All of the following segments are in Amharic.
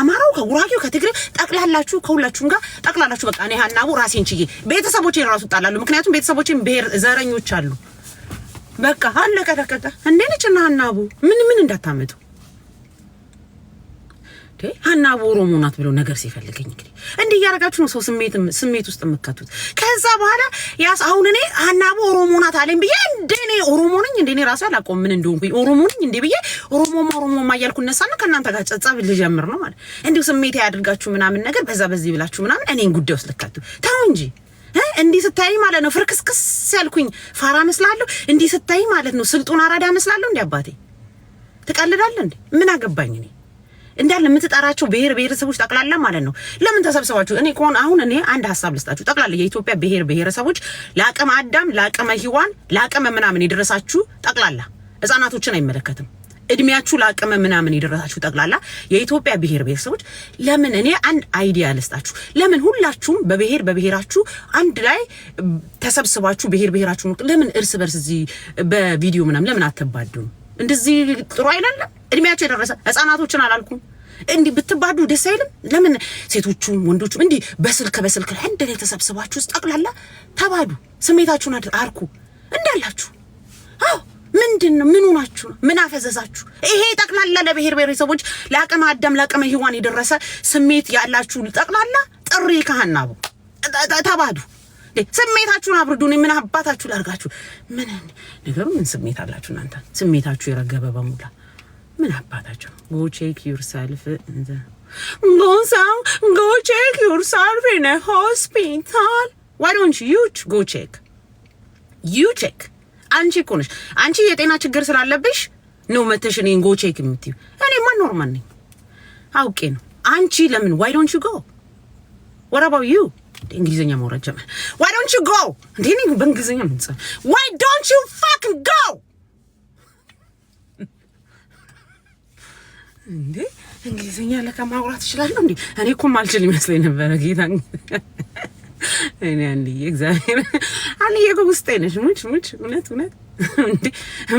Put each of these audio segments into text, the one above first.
ከአማራው ከጉራጌው ከትግሬው ጠቅላላችሁ ከሁላችሁም ጋር ጠቅላላችሁ በቃ እኔ ሀናቡ ራሴን ችዬ ቤተሰቦቼን ራሱ እጣላለሁ። ምክንያቱም ቤተሰቦቼን ብሔር ዘረኞች አሉ። በቃ አለቀ ደቀቀ። እንዴ ልጅና ሀናቡ ምን ምን እንዳታመጡ ሀና ኦሮሞ ናት ብለው ነገር ሲፈልገኝ እንግዲህ እንዲህ እያደረጋችሁ ነው ሰው ስሜት ስሜት ውስጥ የምከቱት። ከዛ በኋላ ያስ አሁን እኔ ሀና ኦሮሞ ናት አለኝ ብዬ እንደ እኔ ኦሮሞ ነኝ እንደ እኔ ራሴ አላውቀውም ምን እንደሆንኩኝ ኦሮሞ ነኝ እንዴ ብዬ ኦሮሞማ ኦሮሞማ እያልኩ እነሳና ከእናንተ ጋር ጸብ ልጀምር ነው ማለት እንዲሁ ስሜት ያድርጋችሁ ምናምን ነገር በዛ በዚህ ብላችሁ ምናምን እኔን ጉዳይ ውስጥ ልከቱ ተው እንጂ እንዲህ ስታይ ማለት ነው ፍርክስክስ ያልኩኝ ፋራ መስላለሁ። እንዲህ ስታይ ማለት ነው ስልጡን አራዳ መስላለሁ። እንዲ አባቴ ትቀልዳለህ እንዴ? ምን አገባኝ እኔ እንዳለ የምትጠራቸው ብሔር ብሔረሰቦች ጠቅላላ ማለት ነው። ለምን ተሰብስባችሁ? እኔ ከሆነ አሁን እኔ አንድ ሀሳብ ልስጣችሁ። ጠቅላላ የኢትዮጵያ ብሔር ብሔረሰቦች ለአቅመ አዳም፣ ለአቅመ ሔዋን፣ ለአቅመ ምናምን የደረሳችሁ ጠቅላላ ህጻናቶችን አይመለከትም። እድሜያችሁ ለአቅመ ምናምን የደረሳችሁ ጠቅላላ የኢትዮጵያ ብሔር ብሔረሰቦች ለምን እኔ አንድ አይዲያ ልስጣችሁ። ለምን ሁላችሁም በብሔር በብሔራችሁ አንድ ላይ ተሰብስባችሁ ብሔር ብሔራችሁ ለምን እርስ በርስ እዚህ በቪዲዮ ምናምን ለምን አትባዱም? እንደዚህ ጥሩ አይደለም። እድሜያቸው የደረሰ ህጻናቶችን አላልኩም። እንዲህ ብትባዱ ደስ አይልም። ለምን ሴቶቹም ወንዶቹም እንዲህ በስልክ በስልክ ላይ እንደ ላይ ተሰብስባችሁ ውስጥ ጠቅላላ ተባዱ፣ ስሜታችሁን አርኩ እንዳላችሁ። አዎ ምንድን ነው ምኑ ናችሁ? ምን አፈዘዛችሁ? ይሄ ጠቅላላ ለብሔር ብሔረሰቦች፣ ለአቅመ አዳም ለአቅመ ሔዋን የደረሰ ስሜት ያላችሁ ጠቅላላ ጥሪ ካህናቡ ተባዱ። ስሜታችሁን አብርዱ። ምን አባታችሁ ላርጋችሁ? ምን ነገሩ? ምን ስሜት አላችሁ እናንተ? ስሜታችሁ የረገበ በሙላ ምን አባታችሁ። ጎ ቼክ ዩር ሰልፍ ጎሳው ጎ ቼክ ዩር ሰልፍ ኢን ሆስፒታል ዋይ ዶንት ዩ ጎ ቼክ ዩ ቼክ። አንቺ እኮ ነሽ አንቺ የጤና ችግር ስላለብሽ ነው መተሽ እኔን ጎ ቼክ የምትይው። ማን ኖርማል ነኝ አውቄ ነው። አንቺ ለምን ዋይ ዶንት ዩ ጎ ዋት ወራባው ዩ እንግሊዝኛ ማውራት ጀመር። ዋይ ዶንት ዩ ጎ እንዴ! በእንግሊዝኛ ምንጽ ዋይ ዶንት ዩ ፋክን ጎ እንዴ! እንግሊዝኛ ለካ ማውራት እችላለሁ እንዴ! እኔ እኮ ማልችል ይመስለኝ ነበረ። ጌታ እኔ እግዚአብሔር ውስጤ ነሽ። ሙች ሙች እውነት እውነት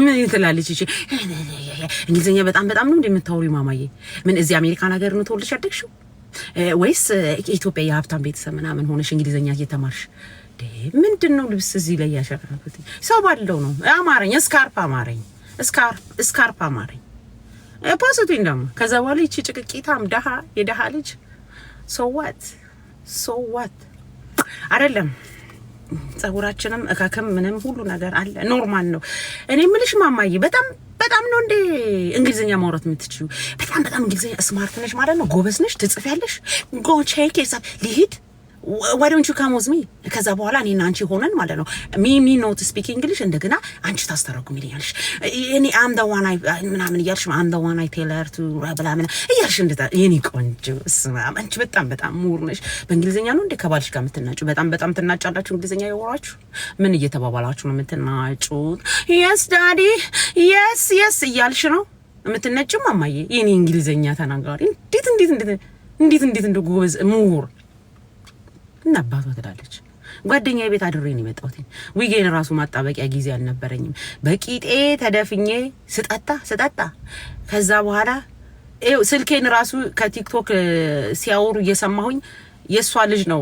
ምን ትላለች እንግሊዝኛ በጣም በጣም ነው ማማዬ? ምን እዚህ አሜሪካን ሀገር ነው ተወልደሽ ያደግሽው? ወይስ ኢትዮጵያ የሀብታም ቤተሰብ ምናምን ሆነሽ እንግሊዝኛ እየተማርሽ ምንድን ነው ልብስ እዚህ ላይ ያሸረፉት ሰው ባለው ነው። አማረኝ፣ እስካርፕ አማረኝ፣ እስካርፕ አማረኝ። ፖስቱኝ ደግሞ ከዛ በኋላ ይቺ ጭቅቂታም ደሃ የደሃ ልጅ ሶዋት ሶዋት አይደለም ጸጉራችንም እካክም ምንም ሁሉ ነገር አለ። ኖርማል ነው። እኔ የምልሽ ማማዬ በጣም በጣም ነው እንዴ እንግሊዝኛ ማውራት የምትችዩ? በጣም በጣም እንግሊዝኛ ስማርት ነሽ ማለት ነው። ጎበዝ ነሽ፣ ትጽፊያለሽ። ጎ ቼክ ሂሳብ ሊሂድ ዋይ ዶንት ዋዶንቹ ካሞዝ ሚ ከዛ በኋላ እኔና አንቺ ሆነን ማለት ነው ሚ ሚ ኖት ስፒክ እንግሊሽ እንደገና አንቺ ታስተረጉም ይልኛልሽ እኔ አም ደ ዋን አይ ምናምን እያልሽ አም ደ ዋን አይ ቴለር ቱ ብላ ምና እያልሽ እንደ የኔ ቆንጆ ስማም አንቺ በጣም በጣም ምሁር ነሽ። በእንግሊዝኛ ነው እንደ ከባልሽ ጋር የምትናጩ? በጣም በጣም ትናጫላችሁ። እንግሊዝኛ የወራችሁ ምን እየተባባላችሁ ነው የምትናጩት? የስ ዳዲ የስ የስ እያልሽ ነው የምትነጭም። አማዬ የኔ እንግሊዝኛ ተናጋሪ እንዴት እንዴት እንዴት እንዴት እንደ ጎበዝ ምሁር እና አባቷ ትላለች። ጓደኛ ቤት አድሬ ነው የመጣሁት። ዊጌን ራሱ ማጣበቂያ ጊዜ አልነበረኝም። በቂጤ ተደፍኜ ስጠጣ ስጠጣ ከዛ በኋላ ስልኬን ራሱ ከቲክቶክ ሲያወሩ እየሰማሁኝ የእሷ ልጅ ነው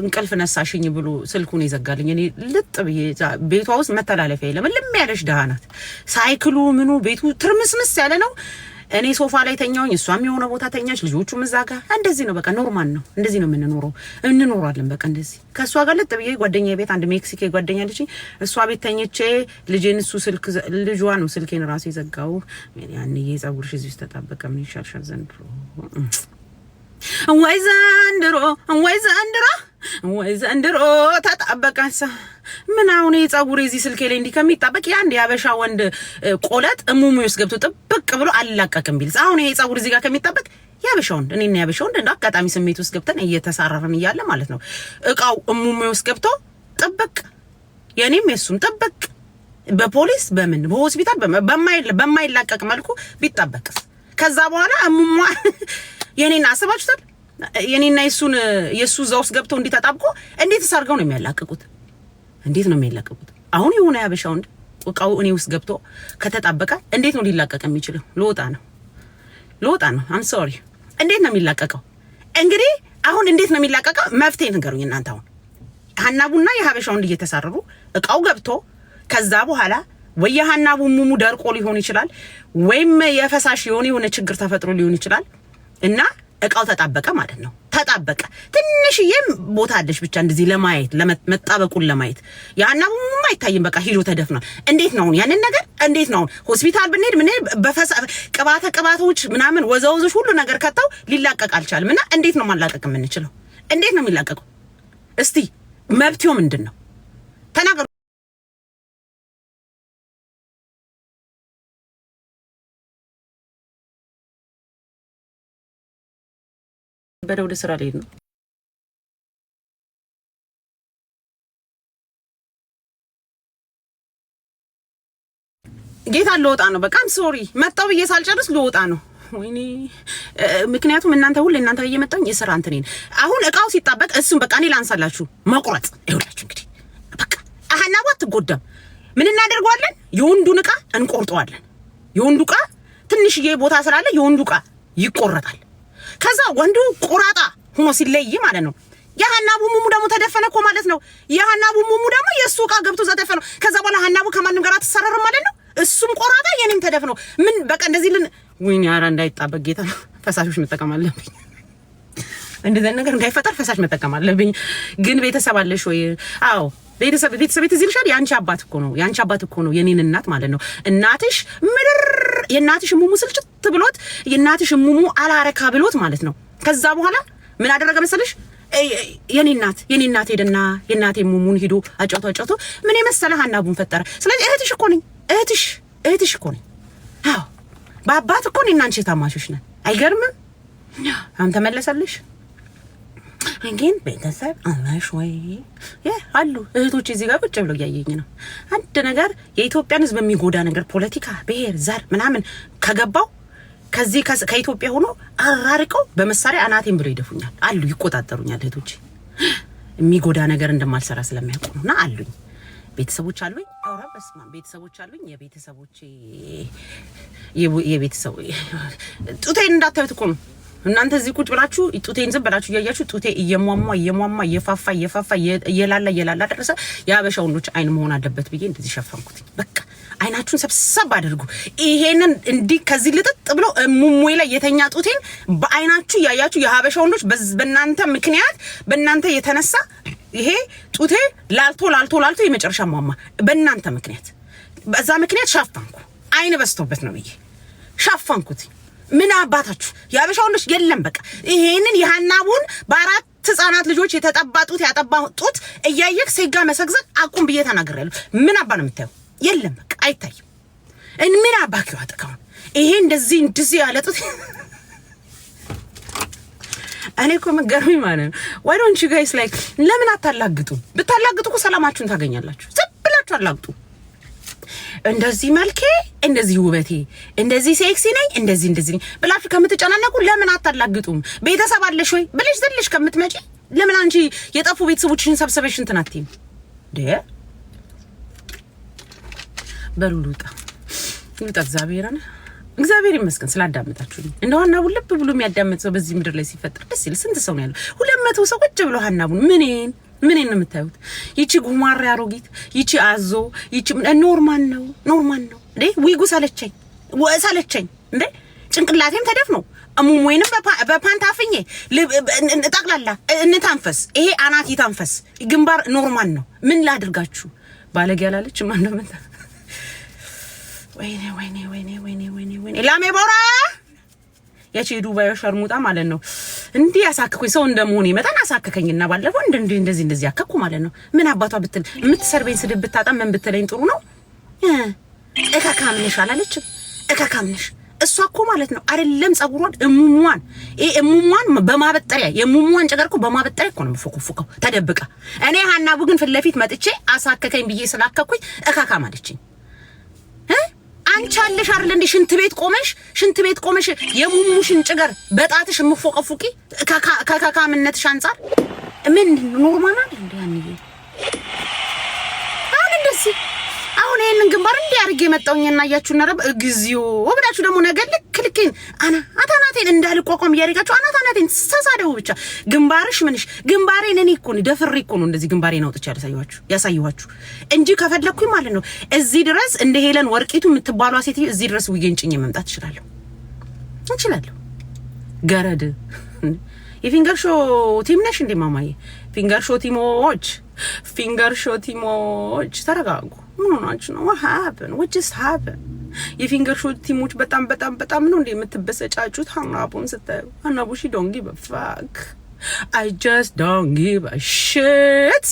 እንቅልፍ ነሳሽኝ ብሎ ስልኩን ይዘጋልኝ። እኔ ልጥ ብዬ ቤቷ ውስጥ መተላለፊያ የለም። ልም ያለሽ ድሃ ናት። ሳይክሉ ምኑ ቤቱ ትርምስምስ ያለ ነው። እኔ ሶፋ ላይ ተኛውኝ፣ እሷም የሆነ ቦታ ተኛች፣ ልጆቹም እዛ ጋር እንደዚህ ነው። በቃ ኖርማል ነው። እንደዚህ ነው የምንኖረው፣ እንኖራለን። በቃ እንደዚህ ከእሷ ጋር ልጥ ብዬ ጓደኛ ቤት አንድ ሜክሲኬ ጓደኛ ልጅ እሷ ቤት ተኝቼ ልጄን እሱ ስልክ ልጇ ነው ስልኬን ራሱ የዘጋው። ያን የጸጉርሽ እዚህ ውስጥ ተጣበቀ። ምን ይሻልሻል ዘንድሮ ወይ ዘንድሮ ወይ ዘንድሮ ወይ ዘንድሮ ተጣበቀ ሳ ምን አሁን የጸጉር የዚህ ስልኬ ላይ እንዲህ ከሚጣበቅ የአንድ የአበሻ ወንድ ቆለጥ እሙሙ ውስጥ ገብቶ ጥብቅ ብሎ አላቀቅም ቢልስ አሁን ይሄ ጸጉር እዚህ ጋር ከሚጣበቅ የአበሻ ወንድ እኔና የአበሻ ወንድ እንደ አጋጣሚ ስሜት ውስጥ ገብተን እየተሳረርን እያለ ማለት ነው እቃው እሙሙ ውስጥ ገብቶ ጥብቅ የኔም የሱም ጥብቅ በፖሊስ በምን በሆስፒታል በማይላቀቅ መልኩ ቢጣበቅስ ከዛ በኋላ እሙሟ የኔን አስባችሁታል? የኔና የሱን የሱ እዛ ውስጥ ገብተው እንዲህ እንዴት ተሳርገው ነው የሚያላቅቁት? እንዴት ነው የሚለቀቁት? አሁን የሆነ ያበሻ ወንድ እቃው እኔ ውስጥ ገብቶ ከተጣበቀ እንዴት ነው ሊላቀቅ የሚችለው? ልወጣ ነው ልወጣ ነው። አም ሶሪ። እንዴት ነው የሚላቀቀው? እንግዲህ አሁን እንዴት ነው የሚላቀቀው? መፍትሄ ንገሩኝ እናንተ። አሁን ሀናቡና የሀበሻ ወንድ እየተሳረሩ እቃው ገብቶ ከዛ በኋላ ወይ የሀናቡ ሙሙ ደርቆ ሊሆን ይችላል፣ ወይም የፈሳሽ የሆነ የሆነ ችግር ተፈጥሮ ሊሆን ይችላል እና እቃው ተጣበቀ ማለት ነው። ተጣበቀ ትንሽዬም ቦታ አለሽ ብቻ እንደዚህ ለማየት መጣበቁን ለማየት ያና አይታይም። በቃ ሂዶ ተደፍኗል። እንዴት ነው ያንን ነገር እንዴት ነው ሆስፒታል ብንሄድ ምን በፈሳ ቅባተ ቅባቶች ምናምን ወዘወዞች ሁሉ ነገር ከተው ሊላቀቅ አልቻልም። እና እንዴት ነው ማላቀቅ የምንችለው? እንዴት ነው የሚላቀቀው? እስቲ መብትዮ ምንድን ነው ተናገሩ። በደ ወደ ስራ ልሄድ ነው። ጌታ ልወጣ ነው። በቃም ሶሪ መጣው ብዬ ሳልጨርስ ልወጣ ነው። ወይኔ ምክንያቱም እናንተ ሁሉ እናንተ እየመጣኝ የስራ እንትን አሁን እቃው ሲጣበቅ እሱን በቃ እኔ ላንሳላችሁ መቁረጥ ይኸውላችሁ እንግዲህ በቃ አህናቡ አትጎዳም። ምን እናደርገዋለን? የወንዱን እቃ እንቆርጠዋለን። የወንዱ እቃ ትንሽዬ ቦታ ስላለ የወንዱ እቃ ይቆረጣል። ከዛ ወንዱ ቁራጣ ሆኖ ሲለይ ማለት ነው። የሀናቡ ሙሙ ደግሞ ተደፈነ እኮ ማለት ነው። የሀናቡ ሙሙ ደግሞ የእሱ እቃ ገብቶ ተደፈነ። ከዛ በኋላ ሀናቡ ከማንም ጋር አትሰራርም ማለት ነው። እሱም ቆራጣ የኔም ተደፍኖ ምን በቃ እንደዚህ ልን ወይኔ ኧረ እንዳይጣበቅ ጌታ ነው። ፈሳሾች መጠቀም አለብኝ እንደዚህ ነገር እንዳይፈጠር ፈሳሽ መጠቀም አለብኝ። ግን ቤተሰብ አለሽ ወይ? አዎ ቤተሰብ ቤተሰብ ትዝ ይልሻል። የአንቺ አባት እኮ ነው የአንቺ አባት እኮ ነው የኔን እናት ማለት ነው። እናትሽ ምድር የእናትሽ ሙሙ ስልጭት ፍትት ብሎት የእናትሽ ሙሙ አላረካ ብሎት ማለት ነው። ከዛ በኋላ ምን አደረገ መሰለሽ? የኔ እናት የኔ እናት ሄደና የእናቴ ሙሙን ሂዶ አጫውቶ አጫውቶ ምን የመሰለ ሀናቡን ፈጠረ። ስለዚህ እህትሽ እኮ ነኝ፣ እህትሽ እህትሽ እኮ ነኝ። አዎ በአባት እኮ እኔና አንቺ ታማሾች ነን። አይገርምም? አሁን ተመለሰልሽ ግን ቤተሰብ አላሽ ወይ አሉ እህቶች እዚህ ጋር ቁጭ ብለው እያየኝ ነው። አንድ ነገር የኢትዮጵያን ህዝብ የሚጎዳ ነገር ፖለቲካ፣ ብሄር፣ ዘር ምናምን ከገባው ከዚህ ከኢትዮጵያ ሆኖ አራርቀው በመሳሪያ አናቴን ብሎ ይደፉኛል አሉ፣ ይቆጣጠሩኛል። እህቶች የሚጎዳ ነገር እንደማልሰራ ስለሚያውቁ እና አሉኝ። ቤተሰቦች አሉኝ። አውራ በስማ ቤተሰቦች አሉኝ። የቤተሰቦቼ የቤተሰቡ ጡቴን እንዳታዩት እኮ ነው። እናንተ እዚህ ቁጭ ብላችሁ ጡቴን ዝም ብላችሁ እያያችሁ ጡቴ እየሟሟ እየሟሟ እየፋፋ እየፋፋ እየላላ እየላላ ደረሰ። የአበሻ ወንዶች አይን መሆን አለበት ብዬ እንደዚህ ሸፈንኩት በቃ አይናችሁን ሰብሰብ አድርጉ። ይሄንን እንዲህ ከዚህ ልጥጥ ብሎ ሙሙይ ላይ የተኛ ጡቴን በአይናችሁ እያያችሁ የሀበሻ ወንዶች በእናንተ ምክንያት በእናንተ የተነሳ ይሄ ጡቴ ላልቶ ላልቶ ላልቶ የመጨረሻ ማማ በእናንተ ምክንያት በዛ ምክንያት ሻፋንኩ። አይን በስቶበት ነው ብዬ ሻፋንኩት። ምን አባታችሁ የሀበሻ ወንዶች የለም። በቃ ይሄንን የሀናቡን በአራት ህጻናት ልጆች የተጠባጡት ያጠባጡት እያየክ ሴጋ መሰግዘግ አቁም ብዬ ተናግሬያለሁ። ምን አባ ነው የምታየው? የለም በቃ አይታይም። ምን አባኪው አጥቀው ይሄ እንደዚህ እንድዚህ ያለጡት እኔ እኮ መገረመኝ ማለት ነው። ዋይ ዶንት ዩ ጋይስ ላይክ ለምን አታላግጡ? ብታላግጡ እኮ ሰላማችሁን ታገኛላችሁ። ዝም ብላችሁ አላግጡ። እንደዚህ መልኬ፣ እንደዚህ ውበቴ፣ እንደዚህ ሴክሲ ነኝ፣ እንደዚህ እንደዚህ ነኝ ብላችሁ ከምትጨናነቁ ለምን አታላግጡም? ቤተሰብ አለሽ ወይ ብልሽ ዘለሽ ከምትመጪ ለምን አንቺ የጠፉ ቤተሰቦችሽን ሰብስበሽ እንትን አትይም? በሉ ልውጣ ልውጣ። እግዚአብሔርን እግዚአብሔር ይመስገን ስላዳመጣችሁ። እንደ ሀናቡን ልብ ብሎ የሚያዳምጥ ሰው በዚህ ምድር ላይ ሲፈጠር ደስ ይል። ስንት ሰው ነው ያለው? ሁለት መቶ ሰው ቁጭ ብሎ ሀናቡን ምንን ምንን ነው የምታዩት? ይቺ ጉማሬ አሮጊት፣ ይቺ አዞ፣ ይቺ ኖርማል ነው ኖርማል ነው እንዴ? ዊጉ ሳለቸኝ ወሳለቸኝ እንዴ ጭንቅላቴም ተደፍኖ ሙሙዬንም በፓንታፍኜ ጠቅላላ እንታንፈስ። ይሄ አናት ይታንፈስ። ግንባር ኖርማል ነው። ምን ላድርጋችሁ? ባለጌ አላለች ማን ነው ወይኔ ወይኔ ወይኔ ወይኔ ወይኔ ወይኔ ላሜ ቦራ ያቺ የዱባይ ሸርሙጣ ማለት ነው። እንዲህ ያሳክኩኝ ሰው እንደመሆኔ መጠን አሳክከኝና ባለፈው እንደዚህ እንደዚህ እንደዚህ ያከኩ ማለት ነው። ምን አባቷ ብትል የምትሰርበኝ ስድብ ብታጣም ምን ብትለኝ ጥሩ ነው? እካካም ነሽ አላለችም። እካካም ነሽ እሷ እኮ ማለት ነው አይደለም ጸጉሯን እሙሟን ይሄ እሙሟን በማበጠሪያ የሙሟን ጨገር እኮ በማበጠሪያ እኮ ነው የምፎከፎከው ተደብቃ። እኔ ሀናቡ ግን ፊት ለፊት መጥቼ አሳከከኝ ብዬ ስላከኩኝ እካካም አለችኝ። አንቺ አለሽ አይደል እንዴ ሽንት ቤት ቆመሽ ሽንት ቤት ቆመሽ የሙሙሽን ጭገር በጣትሽ የምፎቀፉቂ ከካካምነትሽ አንጻር ምን ኖርማል አይደል እንዴ አንዬ አሁን እንደዚህ አሁን ይሄንን ግንባር እንዲህ አድርጌ እና እያችሁ ነረብ እግዚኦ ብላችሁ ደግሞ ነገ ልክ ልኬን አና አታናቴን እንዳልቋቋም እያደረጋችሁ አና አታናቴን ተሳደቡ ብቻ። ግንባርሽ ምንሽ ግንባሬን እኔ እኮ ነው ደፍሬ እኮ ነው እንደዚህ ግንባሬን አውጥቼ ያሳየኋችሁ ያሳየኋችሁ እንጂ ከፈለኩኝ ማለት ነው እዚህ ድረስ እንደ ሄለን ወርቂቱ የምትባሏ ሴትዮ እዚህ ድረስ ውዬን ጭኜ መምጣት እችላለሁ እችላለሁ። ገረድ የፊንገር ሾ ቲም ነሽ እንዴ ማማዬ? ፊንገር ሾ ቲሞች ፊንገር ሾ ቲሞች ተረጋጉ። ምን ሆናችሁ ነው? ሀብን ውጅስ ሀብን የፊንገር ሾት ቲሞች በጣም በጣም በጣም ነው እንዴ የምትበሰጫጩት? ሀናቡን ስታዩ ሀናቡ ሺ ጊቭ በፋክ አይ ጀስት ዶንጊ በሽት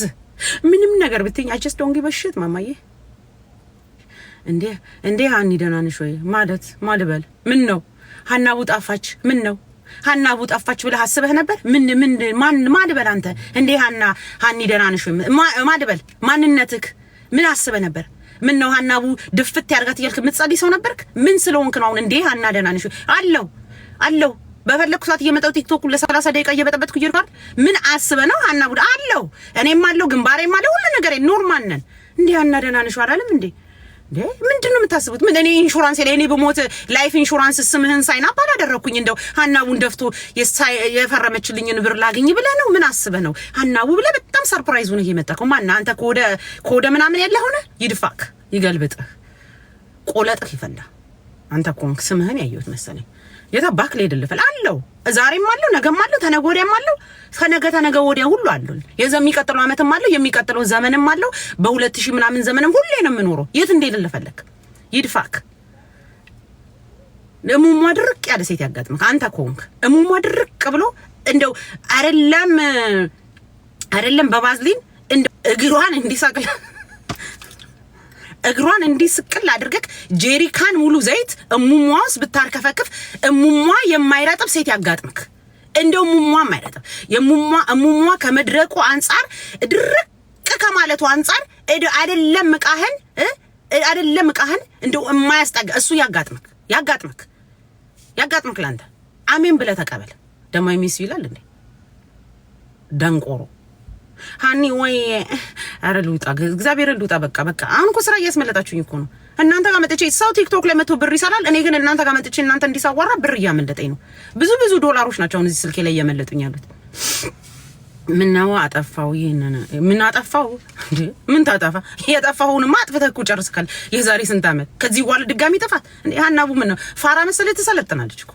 ምንም ነገር ብትኝ አይ ጀስት ዶንጊ በሽት ማማዬ እንዴ እንዴ ሀኒ ደህና ነሽ ወይ ማለት ማልበል ምን ነው ሀናቡ ጣፋች ምን ነው ሀናቡ ጠፋች ብለህ አስበህ ነበር? ምን ምን ማን ማድበል አንተ እንዴ ሀና ሀኒ ደህና ነሽ ማድበል ማንነትክ? ምን አስበ ነበር? ምን ነው ሀናቡ ድፍት ያርጋት እያልክ የምትጸልይ ሰው ነበርክ? ምን ስለሆንክ ነው አሁን? እንዴ ሀና ደህና ነሽ? አለው አለው በፈለግኩ ሰዓት እየመጣው ቲክቶክ ለ30 ደቂቃ እየበጠበጥኩ ይርካል። ምን አስበ ነው ሀና ቡድ አለው። እኔም አለው ግንባሬም አለው ሁሉ ነገር ኖርማል ነን። እንዴ ሀና ደህና ነሽ አላለም እንዴ? ምንድን ነው የምታስቡት? ምን እኔ ኢንሹራንስ ላይ እኔ በሞት ላይፍ ኢንሹራንስ ስምህን ሳይና አፕ አላደረግኩኝ። እንደው ሀናቡን ደፍቶ የፈረመችልኝን ብር ላግኝ ብለህ ነው? ምን አስበህ ነው ሀናቡ ብለህ በጣም ሰርፕራይዝ ሆነህ የመጣከው? ማነህ አንተ? ከወደ ከወደ ምናምን ያለ ሆነ ይድፋክ፣ ይገልብጥህ፣ ቆለጥህ ይፈንዳ። አንተ ኮንክ ስምህን ያየሁት መሰለኝ የታባክ ልሄድ ልፈል አለው። ዛሬም አለው፣ ነገም አለው፣ ተነገ ወዲያም አለው፣ ከነገ ተነገ ወዲያ ሁሉ አሉን። የዛ የሚቀጥለው አመትም አለው፣ የሚቀጥለው ዘመንም አለው። በሁለት ሺህ ምናምን ዘመንም ሁሌ ነው የምኖረው። የት እንደ ልፈለክ ይድፋክ እሙሟ ድርቅ ያለ ሴት ያጋጥምክ። አንተ ከሆንክ እሙሟ ድርቅ ብሎ እንደው አይደለም አይደለም በባዝሊን እግሯን እንዲሳቅል እግሯን እንዲህ ስቅል አድርገክ ጄሪካን ሙሉ ዘይት እሙሟ ውስጥ ብታርከፈክፍ እሙሟ የማይረጥብ ሴት ያጋጥምክ። እንደው እሙሟ የማይረጥብ የሙሟ እሙሟ ከመድረቁ አንጻር ድርቅ ከማለቱ አንጻር አይደለም ዕቃህን አይደለም ዕቃህን እንደው የማያስጠጋ እሱ ያጋጥምክ ያጋጥምክ ያጋጥምክ። ለአንተ አሜን ብለህ ተቀበል። ደግሞ የሚስ ይላል እንዴ ደንቆሮ ሀኒ ወይ አረ ልውጣ፣ እግዚአብሔር ልውጣ። በቃ በቃ። አሁን እኮ ስራ እያስመለጣችሁኝ እኮ ነው። እናንተ ጋር መጥቼ ሰው ቲክቶክ ላይ መቶ ብር ይሰራል። እኔ ግን እናንተ ጋር መጥቼ እናንተ እንዲሳዋራ ብር እያመለጠኝ ነው። ብዙ ብዙ ዶላሮች ናቸው አሁን እዚህ ስልኬ ላይ እያመለጡኝ ያሉት። ምነው አጠፋው? ይሄንን ምን አጠፋው? ምን ታጠፋ? ያጠፋሁንማ አጥፍተህ እኮ ጨርሰካል። የዛሬ ስንት ዓመት ከዚህ በኋላ ድጋሚ ጥፋት። ሀናቡ ምን ነው ፋራ መሰለህ? ትሰለጥናለች እኮ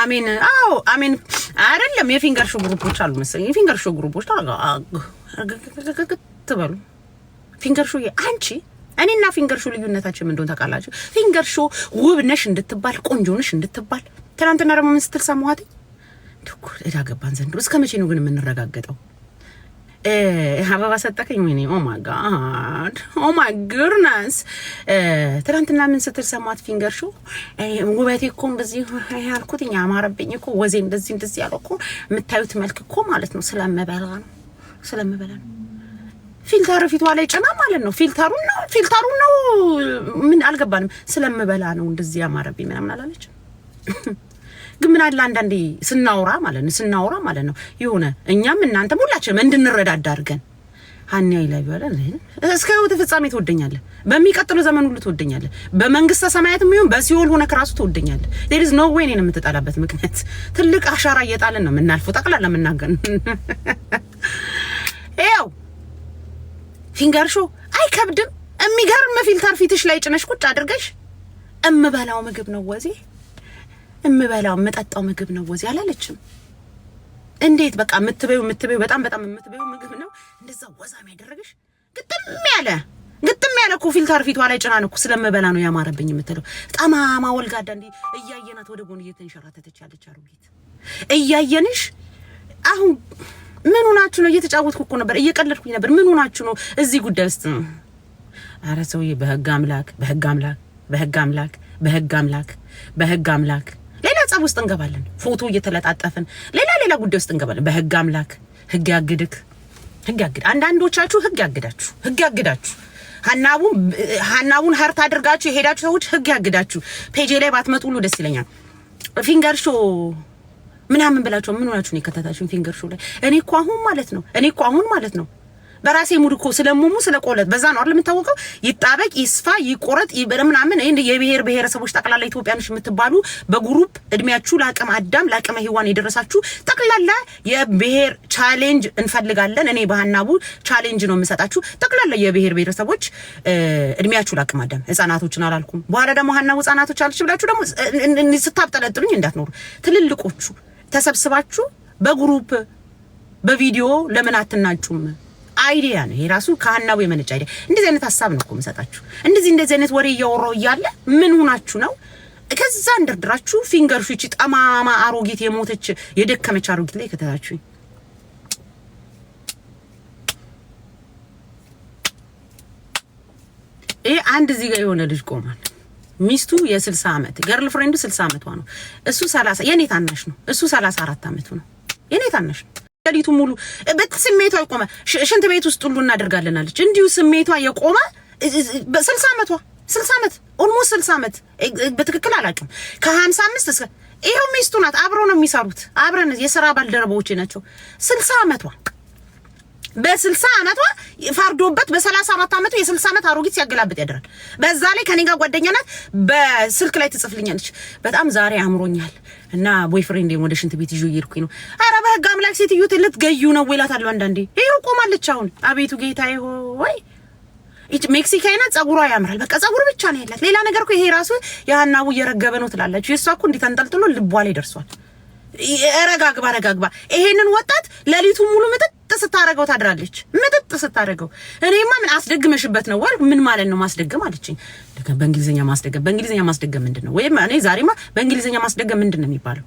አሜን። አዎ አሜን። አይደለም የፊንገር ሾው ግሩፖች አሉ መሰለኝ። የፊንገር ሾው ግሩፖች ትበሉ ፊንገር ሾው አንቺ እኔና ፊንገር ሾው ልዩነታችን እንደሆነ ታውቃላችሁ። ፊንገር ሾው ውብ ነሽ እንድትባል ቆንጆ ነሽ እንድትባል ትናንትና ደግሞ ምን ስትል ሰማኋት? እዳ ገባን ዘንድሮ። እስከ መቼ ነው ግን የምንረጋገጠው? አበባ eh, ሰጠከኝ። ወይኔ ኦማጋድ oh ጉድነስ። oh eh, ትናንትና ምን ስትል ሰማት? ፊንገር ሹ eh, ውበቴ እኮ እንደዚህ ያልኩት እኛ አማረብኝ እኮ ወዜ እንደዚህ እንደዚህ ያለው እኮ የምታዩት መልክ እኮ ማለት ነው። ስለምበላ ነው ስለምበላ ነው። ፊልተር ፊቷ ላይ ጭና ማለት ነው። ፊልተሩ ነው ፊልተሩ ነው ምን አልገባንም። ስለምበላ ነው እንደዚህ አማረብኝ ምናምን አላለች። ግን ምን አለ አንዳንዴ ስናወራ ማለት ነው ስናወራ ማለት ነው የሆነ እኛም እናንተም ሁላችንም እንድንረዳዳ አድርገን ሀኒ ላይ ይባላል እስከ ህይወት ፍጻሜ ትወደኛለህ። በሚቀጥሉ ዘመን ሁሉ ትወደኛለህ። በመንግስተ ሰማያትም ይሁን በሲኦል ሆነ ከራሱ ትወደኛለህ። ዴር ኢዝ ኖ ዌይ እኔን የምትጠላበት ምክንያት ትልቅ አሻራ እየጣልን ነው የምናልፈው። ጠቅላላ ለምናገር ያው ፊንገር ሾ አይከብድም። የሚገርም ፊልተር ፊትሽ ላይ ጭነሽ ቁጭ አድርገሽ እምበላው ምግብ ነው ወዜ የምበላው የምጠጣው ምግብ ነው ወዚ አላለችም። እንዴት በቃ የምትበዩ የምትበዩ በጣም በጣም የምትበዩ ምግብ ነው እንደዛ ወዛም ያደረገሽ ግጥም ያለ ግጥም ያለ እኮ ፊልተር ፊቷ ላይ ጭና እኮ ስለምበላ ነው ያማረብኝ የምትለው ጠማማ ወልጋዳ እንዲህ እያየናት ወደ ጎን እየተንሸራተተች ያለች አሮጊት እያየንሽ አሁን ምን ሆናችሁ ነው? እየተጫወትኩ እኮ ነበር፣ እየቀለድኩኝ ነበር። ምን ሆናችሁ ነው? እዚህ ጉዳይ ውስጥ ነው። አረ ሰውዬ፣ በህግ አምላክ፣ በህግ አምላክ፣ በህግ አምላክ፣ በህግ አምላክ፣ በህግ አምላክ ጸብ ውስጥ እንገባለን። ፎቶ እየተለጣጠፍን ሌላ ሌላ ጉዳይ ውስጥ እንገባለን። በህግ አምላክ ህግ ያግድክ፣ ህግ ያግድ። አንዳንዶቻችሁ ህግ ያግዳችሁ፣ ህግ ያግዳችሁ። ሀናቡን ሀናቡን ሀርት አድርጋችሁ የሄዳችሁ ሰዎች ህግ ያግዳችሁ። ፔጄ ላይ ባትመጡ ሁሉ ደስ ይለኛል። ፊንገር ሾ ምናምን ብላችሁ ምን ሆናችሁ ነው የከተታችሁን? ፊንገር ሾ ላይ እኔ እኮ አሁን ማለት ነው እኔ እኮ አሁን ማለት ነው በራሴ ሙድ እኮ ስለሙሙ ስለቆለት በዛ ነው አይደል የምታወቀው። ይጣበቅ ይስፋ ይቆረጥ ምናምን ይሄን የብሔር ብሔረሰቦች ጠቅላላ ኢትዮጵያኖች የምትባሉ በግሩፕ እድሜያችሁ ለአቅመ አዳም ለአቅመ ሔዋን የደረሳችሁ ጠቅላላ የብሔር ቻሌንጅ እንፈልጋለን። እኔ ባህናቡ ቻሌንጅ ነው የምሰጣችሁ። ጠቅላላ የብሔር ብሔረሰቦች እድሜያችሁ ለአቅመ አዳም ህጻናቶችን አላልኩም። በኋላ ደግሞ ሀናቡ ህጻናቶች አለች ብላችሁ ደግሞ ስታብጠለጥሉኝ እንዳትኖሩ። ትልልቆቹ ተሰብስባችሁ በግሩፕ በቪዲዮ ለምን አትናጩም? አይዲያ ነው የራሱ ከሀናቡ የመነጭ አይዲያ። እንደዚህ አይነት ሀሳብ ነው እኮ የምሰጣችሁ። እንደዚህ እንደዚህ አይነት ወሬ እያወራው እያለ ምን ሆናችሁ ነው? ከዛ እንደርድራችሁ ፊንገር ሹቺ ጠማማ አሮጊት የሞተች የደከመች አሮጊት ላይ ከተታችሁኝ ይሄ አንድ እዚህ ጋር የሆነ ልጅ ቆሟል። ሚስቱ የስልሳ ዓመት ገርል ፍሬንዱ ስልሳ ዓመቷ ነው። እሱ ሰላሳ የኔ ታናሽ ነው። እሱ 34 አራት ነው። የኔ ታናሽ ነው። ሌሊቱ ሙሉ ስሜቷ የቆመ ሽንት ቤት ውስጥ ሁሉ እናደርጋለን አለች። እንዲሁ ስሜቷ የቆመ ስልሳ ዓመቷ ስልሳ ዓመት ኦልሞስት ስልሳ ዓመት በትክክል አላውቅም። ከሀምሳ አምስት እስከ ይኸው ሚስቱ ናት። አብረው ነው የሚሰሩት። አብረን የስራ ባልደረባዎች ናቸው። ስልሳ ዓመቷ በስልሳ አመቷ ፋርዶበት በሰላሳ አራት አመቱ የስልሳ አመት አሮጊት ሲያገላብጥ ያድራል። በዛ ላይ ከኔ ጋር ጓደኛ ናት። በስልክ ላይ ትጽፍልኛለች። በጣም ዛሬ አምሮኛል እና ቦይፍሬንድ ወደ ሽንት ቤት ይዤ እየሄድኩኝ ነው። አረ በህግ አምላክ ሴትዮ ልትገዩ ነው እላታለሁ። አንዳንዴ ይሄው ቆማለች። አሁን አቤቱ ጌታዬ ሆይ ሜክሲካዊ ናት። ጸጉሯ ያምራል። በቃ ጸጉር ብቻ ነው ያላት። ሌላ ነገር እኮ ይሄ ራሱ የሀናቡ እየረገበ ነው ትላላችሁ። የእሷ እኮ እንዲህ ተንጠልጥሎ ልቧ ላይ ደርሷል። ረጋግባ ረጋግባ ይሄንን ወጣት ለሊቱ ሙሉ ምጥጥ ስታረገው ታድራለች። ምጥጥ ስታረገው እኔማ ምን አስደግመሽበት ነው ወር ምን ማለት ነው ማስደገም አለችኝ። በእንግሊዝኛ ማስደገም በእንግሊዝኛ ማስደገም ምንድን ነው? ወይም እኔ ዛሬማ በእንግሊዝኛ ማስደገም ምንድን ነው የሚባለው?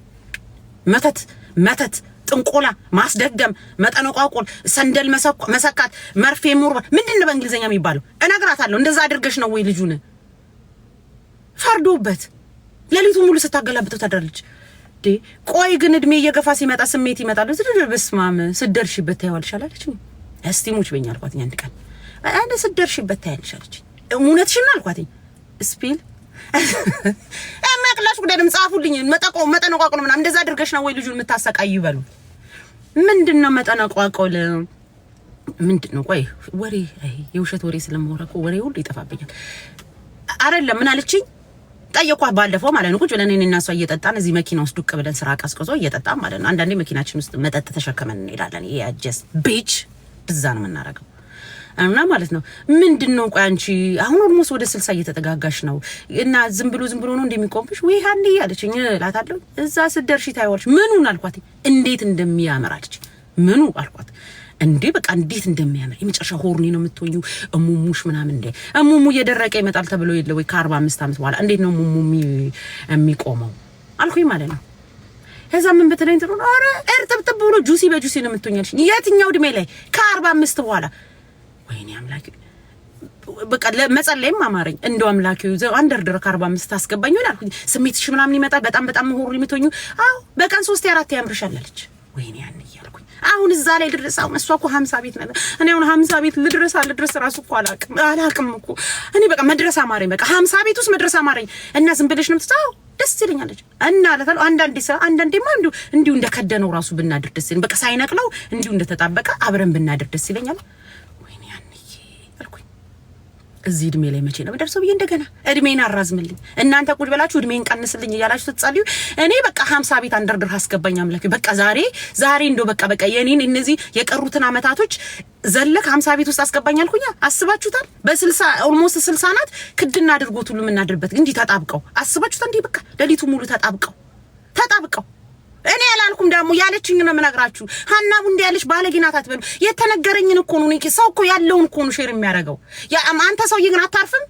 መተት መተት ጥንቆላ ማስደገም መጠነቋቆል ሰንደል መሰካት መርፌ ሙር ምንድን ነው በእንግሊዝኛ የሚባለው? እነግራታለሁ። እንደዛ አድርገሽ ነው ወይ ልጁን ፈርዶበት ለሊቱ ሙሉ ስታገላብጠው ታድራለች። ቆይ ግን እድሜ እየገፋ ሲመጣ ስሜት ይመጣል። ዝድድር በስማም ስደርሽበት ታይዋልሽ አላለችኝ። እስቲ ሙች በኛ አልኳትኝ። አንድ ቀን አንድ ስደርሽበት ታያልሽ አለችኝ። እውነትሽን አልኳትኝ። ስፒል አማቅላሽ ጉዳንም ጻፉልኝ። መጠቆ መጠነቋቁ ነው ምናምን እንደዛ አድርገሽ ነው ወይ ልጁን የምታሰቃይ ይበሉ። ምንድነው መጠነቋቆል? ነው ቆይ ወሬ፣ የውሸት ወሬ ስለማወራ እኮ ወሬ ሁሉ ይጠፋብኛል። አይደለም ምን አለችኝ ጠየቋ ባለፈው ማለት ነው። ቁጭ ብለን እኔና እሷ እየጠጣን እዚህ መኪና ውስጥ ዱቅ ብለን ስራ ቀስቅዞ እየጠጣን ማለት ነው። አንዳንዴ መኪናችን ውስጥ መጠጥ ተሸከመን እንሄዳለን። ይሄ አጀስ ቤች ብዛ ነው የምናደርገው እና ማለት ነው ምንድን ነው ቆይ አንቺ አሁን ኦልሞስት ወደ ስልሳ እየተጠጋጋሽ ነው እና ዝም ብሎ ዝም ብሎ ነው እንደሚቆምሽ ወይ ሀኒ አለችኝ እላታለሁ። እዛ ስትደርሺ ታይዋለሽ ምኑን አልኳት። እንዴት እንደሚያምር አለች ምኑ አልኳት። እንዴ በቃ እንዴት እንደሚያምር የመጨረሻ ሆርኒ ነው የምትሆኙ። እሙሙሽ ምናምን እንዴ እሙሙ እየደረቀ ይመጣል ተብሎ የለ ወይ? ከአርባ አምስት ዓመት በኋላ እንዴት ነው እሙሙ የሚቆመው አልኩኝ ማለት ነው። ከዛ ምን በተለይ ጥሩ አረ ኧረ እርጥብጥብ ብሎ ጁሲ በጁሲ ነው የምትሆኛልሽ። የትኛው እድሜ ላይ ከአርባ አምስት በኋላ? ወይኔ አምላኪ በቃ መጸለይም አማረኝ። እንደው አምላኪ አንደር ድረ ከአርባ አምስት አስገባኝ አልኩኝ። ስሜትሽ ምናምን ይመጣል። በጣም በጣም ሆሩ የምትሆኙ አዎ፣ በቀን ሶስት አራት ያምርሻል አለች። ወይኔ አንያ አሁን እዛ ላይ ድረስ አሁን እሷ እኮ ሀምሳ ቤት ነበር። እኔ አሁን ሀምሳ ቤት ልድረስ አልድረስ ራሱ እኮ አላቅም አላቅም እኮ እኔ በቃ መድረስ አማረኝ። በቃ ሀምሳ ቤት ውስጥ መድረስ አማረኝ እና ዝም ብለሽ ነው የምትታው ደስ ይለኛለች እና ለታለው አንዳንዴ ሰ አንዳንዴማ እንዲሁ እንዲሁ እንደከደነው ራሱ ብናድር ደስ ይለኛል። በቃ ሳይነቅለው እንዲሁ እንደተጣበቀ አብረን ብናድር ደስ ይለኛል። እዚህ እድሜ ላይ መቼ ነው ደርሰው ብዬ እንደገና እድሜን አራዝምልኝ እናንተ ቁጭ ብላችሁ እድሜን ቀንስልኝ እያላችሁ ስትጸልዩ እኔ በቃ ሀምሳ ቤት አንደርድር አስገባኝ አምላክ። በቃ ዛሬ ዛሬ እንደው በቃ በቃ የኔን እነዚህ የቀሩትን አመታቶች ዘለክ ሀምሳ ቤት ውስጥ አስገባኝ አልኩኛ። አስባችሁታል? በስልሳ ኦልሞስት ስልሳ ናት ክድና አድርጎት ሁሉ የምናድርበት እንዲህ ተጣብቀው አስባችሁታል? እንዲህ በቃ ሌሊቱ ሙሉ ተጣብቀው ተጣብቀው እኔ ያላልኩም ደግሞ ያለችኝ ነው የምነግራችሁ። ሀና ቡንድ ያለች ባለጌ ናት አትበሉ። የተነገረኝን እኮ ነው። ሰው እኮ ያለውን እኮ ነው ሼር የሚያደርገው። አንተ ሰውዬ ግን አታርፍም።